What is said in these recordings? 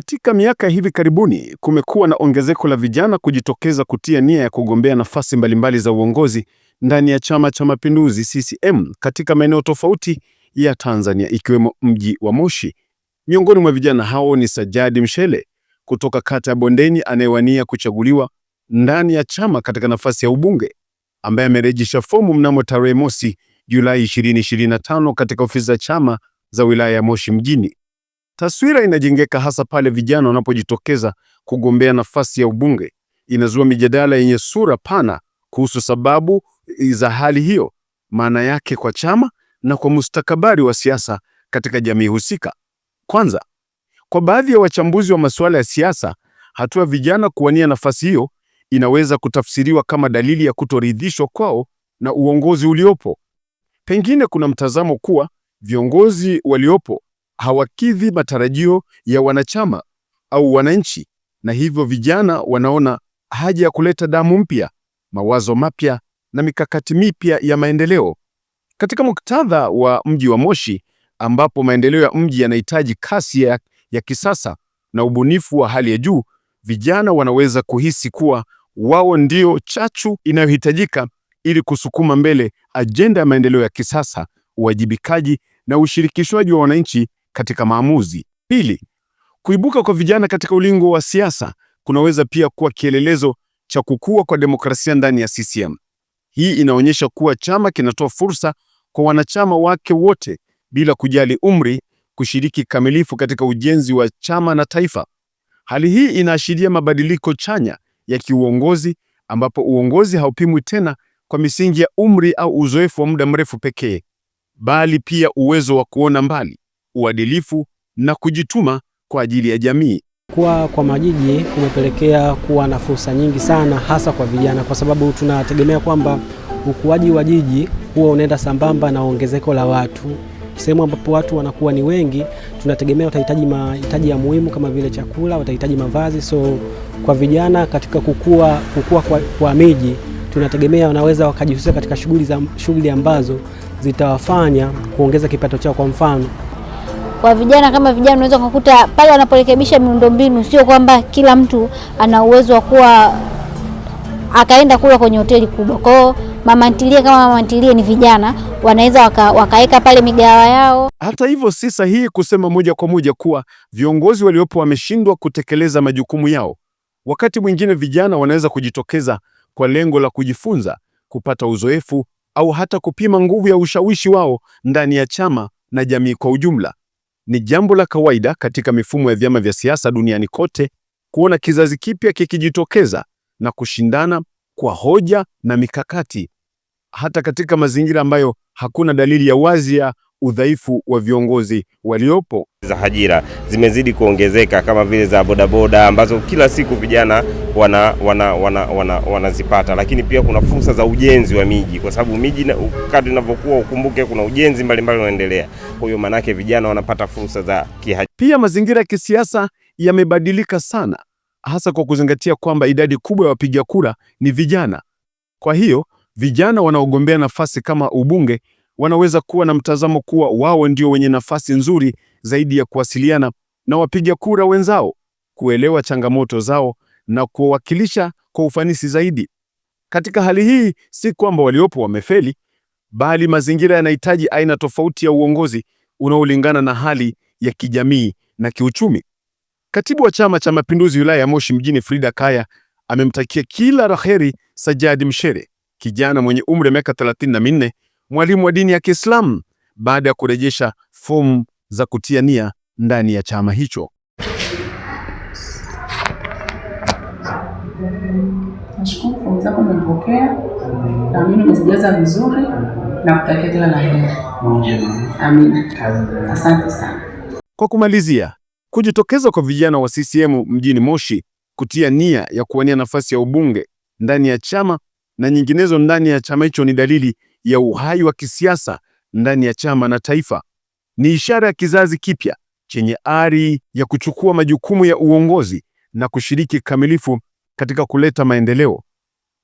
Katika miaka hivi karibuni kumekuwa na ongezeko la vijana kujitokeza kutia nia ya kugombea nafasi mbalimbali za uongozi ndani ya Chama cha Mapinduzi CCM katika maeneo tofauti ya Tanzania ikiwemo mji wa Moshi. Miongoni mwa vijana hao ni Sajadi Mshele kutoka kata ya Bondeni anayewania kuchaguliwa ndani ya chama katika nafasi ya ubunge ambaye amerejesha fomu mnamo tarehe mosi Julai 2025 katika ofisi za chama za wilaya ya Moshi mjini. Taswira inajengeka hasa pale vijana wanapojitokeza kugombea nafasi ya ubunge. Inazua mijadala yenye sura pana kuhusu sababu za hali hiyo, maana yake kwa chama na kwa mustakabali wa siasa katika jamii husika. Kwanza, kwa baadhi ya wachambuzi wa masuala ya siasa, hatua vijana kuwania nafasi hiyo inaweza kutafsiriwa kama dalili ya kutoridhishwa kwao na uongozi uliopo. Pengine kuna mtazamo kuwa viongozi waliopo hawakidhi matarajio ya wanachama au wananchi, na hivyo vijana wanaona haja ya kuleta damu mpya, mawazo mapya na mikakati mipya ya maendeleo. Katika muktadha wa mji wa Moshi, ambapo maendeleo ya mji yanahitaji kasi ya, ya kisasa na ubunifu wa hali ya juu, vijana wanaweza kuhisi kuwa wao ndio chachu inayohitajika ili kusukuma mbele ajenda ya maendeleo ya kisasa, uwajibikaji na ushirikishwaji wa wananchi katika maamuzi. Pili, kuibuka kwa vijana katika ulingo wa siasa kunaweza pia kuwa kielelezo cha kukua kwa demokrasia ndani ya CCM. Hii inaonyesha kuwa chama kinatoa fursa kwa wanachama wake wote bila kujali umri kushiriki kikamilifu katika ujenzi wa chama na taifa. Hali hii inaashiria mabadiliko chanya ya kiuongozi ambapo uongozi haupimwi tena kwa misingi ya umri au uzoefu wa muda mrefu pekee, bali pia uwezo wa kuona mbali uadilifu na kujituma kwa ajili ya jamii. Kuwa kwa majiji kumepelekea kuwa na fursa nyingi sana, hasa kwa vijana, kwa sababu tunategemea kwamba ukuaji wa jiji huwa unaenda sambamba na ongezeko la watu. Sehemu ambapo watu wanakuwa ni wengi, tunategemea watahitaji mahitaji ya muhimu kama vile chakula, watahitaji mavazi. So kwa vijana katika kukua, kukua kwa, kwa miji tunategemea wanaweza wakajihusisha katika shughuli ambazo zitawafanya kuongeza kipato chao, kwa mfano wa vijana kama vijana, unaweza kukuta pale wanaporekebisha miundombinu, sio kwamba kila mtu ana uwezo wa kuwa akaenda kula kwenye hoteli kubwa. Kwa hiyo mama ntilie kama mama ntilie ni vijana wanaweza waka, wakaweka pale migawa yao. Hata hivyo, si sahihi kusema moja kwa moja kuwa viongozi waliopo wameshindwa kutekeleza majukumu yao. Wakati mwingine vijana wanaweza kujitokeza kwa lengo la kujifunza, kupata uzoefu au hata kupima nguvu ya ushawishi wao ndani ya chama na jamii kwa ujumla. Ni jambo la kawaida katika mifumo ya vyama vya siasa duniani kote kuona kizazi kipya kikijitokeza na kushindana kwa hoja na mikakati, hata katika mazingira ambayo hakuna dalili ya wazi ya udhaifu wa viongozi waliopo. Za ajira zimezidi kuongezeka kama vile za bodaboda ambazo kila siku vijana wanazipata wana, wana, wana, wana, lakini pia kuna fursa za ujenzi wa miji, kwa sababu miji kadri inavyokuwa, ukumbuke kuna ujenzi mbalimbali unaendelea. Kwa hiyo maanake vijana wanapata fursa za kiajira. Pia mazingira ya kisiasa yamebadilika sana, hasa kwa kuzingatia kwamba idadi kubwa ya wapiga kura ni vijana. Kwa hiyo vijana wanaogombea nafasi kama ubunge wanaweza kuwa na mtazamo kuwa wao ndio wenye nafasi nzuri zaidi ya kuwasiliana na wapiga kura wenzao, kuelewa changamoto zao na kuwakilisha kwa ufanisi zaidi. Katika hali hii, si kwamba waliopo wamefeli, bali mazingira yanahitaji aina tofauti ya uongozi unaolingana na hali ya kijamii na kiuchumi. Katibu wa Chama cha Mapinduzi wilaya ya Moshi mjini Frida Kaya amemtakia kila raheri Sajadi Mshere, kijana mwenye umri wa miaka 34 mwalimu wa dini ya Kiislamu baada ya kurejesha fomu za kutia nia ndani ya chama hicho. Nashukuru fomu zako nimepokea, naamini umezijaza vizuri na kutakia kila la heri. Amina, asante sana. Kwa kumalizia, kujitokeza kwa vijana wa CCM mjini Moshi kutia nia ya kuwania nafasi ya ubunge ndani ya chama na nyinginezo ndani ya chama hicho ni dalili ya uhai wa kisiasa ndani ya chama na taifa. Ni ishara ya kizazi kipya chenye ari ya kuchukua majukumu ya uongozi na kushiriki kikamilifu katika kuleta maendeleo.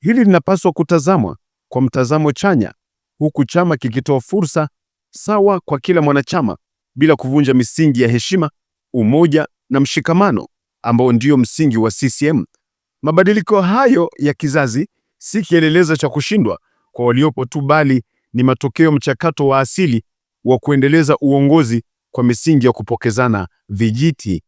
Hili linapaswa kutazamwa kwa mtazamo chanya, huku chama kikitoa fursa sawa kwa kila mwanachama bila kuvunja misingi ya heshima, umoja na mshikamano ambao ndio msingi wa CCM. Mabadiliko hayo ya kizazi si kielelezo cha kushindwa kwa waliopo tu, bali ni matokeo mchakato wa asili wa kuendeleza uongozi kwa misingi ya kupokezana vijiti.